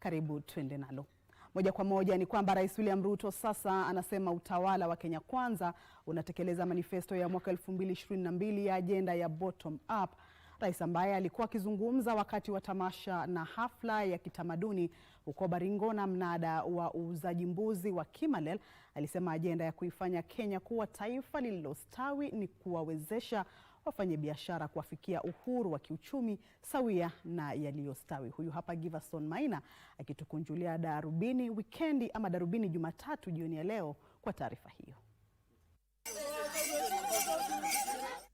Karibu twende nalo moja kwa moja. Ni kwamba Rais William Ruto sasa anasema utawala wa Kenya Kwanza unatekeleza manifesto ya mwaka 2022 ya ajenda ya bottom up. Rais ambaye alikuwa akizungumza wakati wa tamasha na hafla ya kitamaduni huko Baringo na mnada wa uuzaji mbuzi wa Kimalel alisema ajenda ya kuifanya Kenya kuwa taifa lililostawi ni kuwawezesha wafanyabiashara kuwafikia uhuru wa kiuchumi sawia na yaliyostawi. Huyu hapa Giverson Maina akitukunjulia darubini wikendi ama darubini Jumatatu jioni ya leo kwa taarifa hiyo.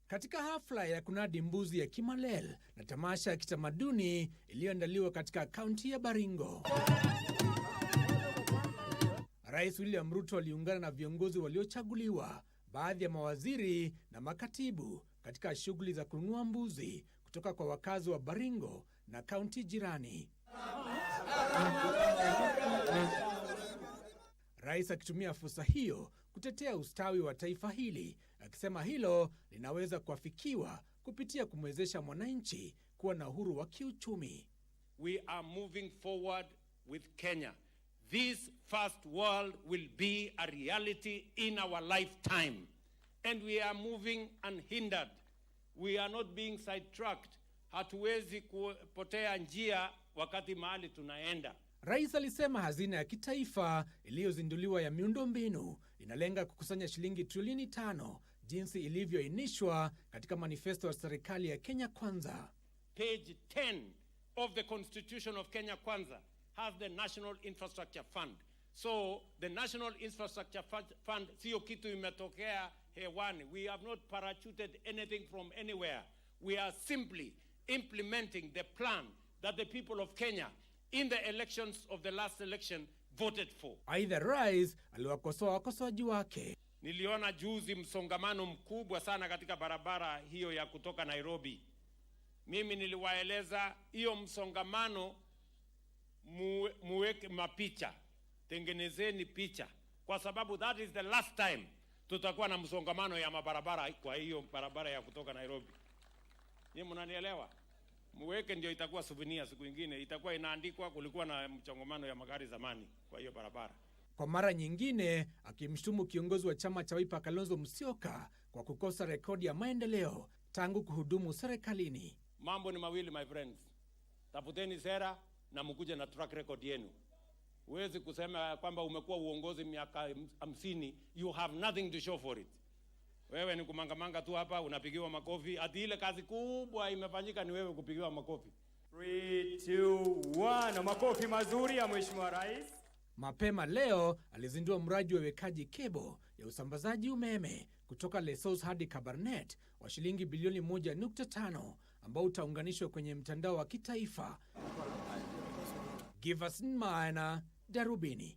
Katika hafla ya kunadi mbuzi ya Kimalel na tamasha ya kitamaduni iliyoandaliwa katika kaunti ya Baringo, Rais William Ruto aliungana na viongozi waliochaguliwa baadhi ya mawaziri na makatibu katika shughuli za kununua mbuzi kutoka kwa wakazi wa Baringo na kaunti jirani. Rais akitumia fursa hiyo kutetea ustawi wa taifa hili, akisema hilo linaweza kuafikiwa kupitia kumwezesha mwananchi kuwa na uhuru wa kiuchumi. We are moving forward with Kenya. this first world will be a reality in our lifetime. And we are moving unhindered. We are not being sidetracked. Hatuwezi kupotea njia wakati mahali tunaenda. Rais alisema hazina ya kitaifa iliyozinduliwa ya miundombinu inalenga kukusanya shilingi trilioni tano jinsi ilivyoainishwa katika manifesto ya serikali ya Kenya Kwanza. Page 10 of the Constitution of Kenya Kwanza. have the National Infrastructure Fund. So the National Infrastructure Fund sio kitu imetokea hewani. We have not parachuted anything from anywhere. We are simply implementing the plan that the people of Kenya in the elections of the last election voted for. Aidha, Rais aliwakosoa wakosoaji wake. Niliona juzi msongamano mkubwa sana katika barabara hiyo ya kutoka Nairobi. Mimi niliwaeleza hiyo msongamano muweke mapicha, tengenezeni picha, kwa sababu that is the last time tutakuwa na msongamano ya mabarabara. Kwa hiyo barabara ya kutoka Nairobi, ni mnanielewa, muweke ndio itakuwa souvenir. Siku ingine itakuwa inaandikwa kulikuwa na mchongomano ya magari zamani kwa hiyo barabara. Kwa mara nyingine akimshutumu kiongozi wa chama cha Wiper Kalonzo Musyoka kwa kukosa rekodi ya maendeleo tangu kuhudumu serikalini. Mambo ni mawili my friends, tafuteni sera na mkuje na track record yenu. Huwezi kusema kwamba umekuwa uongozi miaka hamsini, you have nothing to show for it. Wewe ni kumangamanga tu hapa, unapigiwa makofi, hati ile kazi kubwa imefanyika ni wewe kupigiwa makofi. 3, 2, 1. Makofi mazuri ya Mheshimiwa Rais. Mapema leo alizindua mradi wa wekaji kebo ya usambazaji umeme kutoka Lesos hadi Kabarnet wa shilingi bilioni 1.5 ambao utaunganishwa kwenye mtandao wa kitaifa Give us meiner, der Rubini.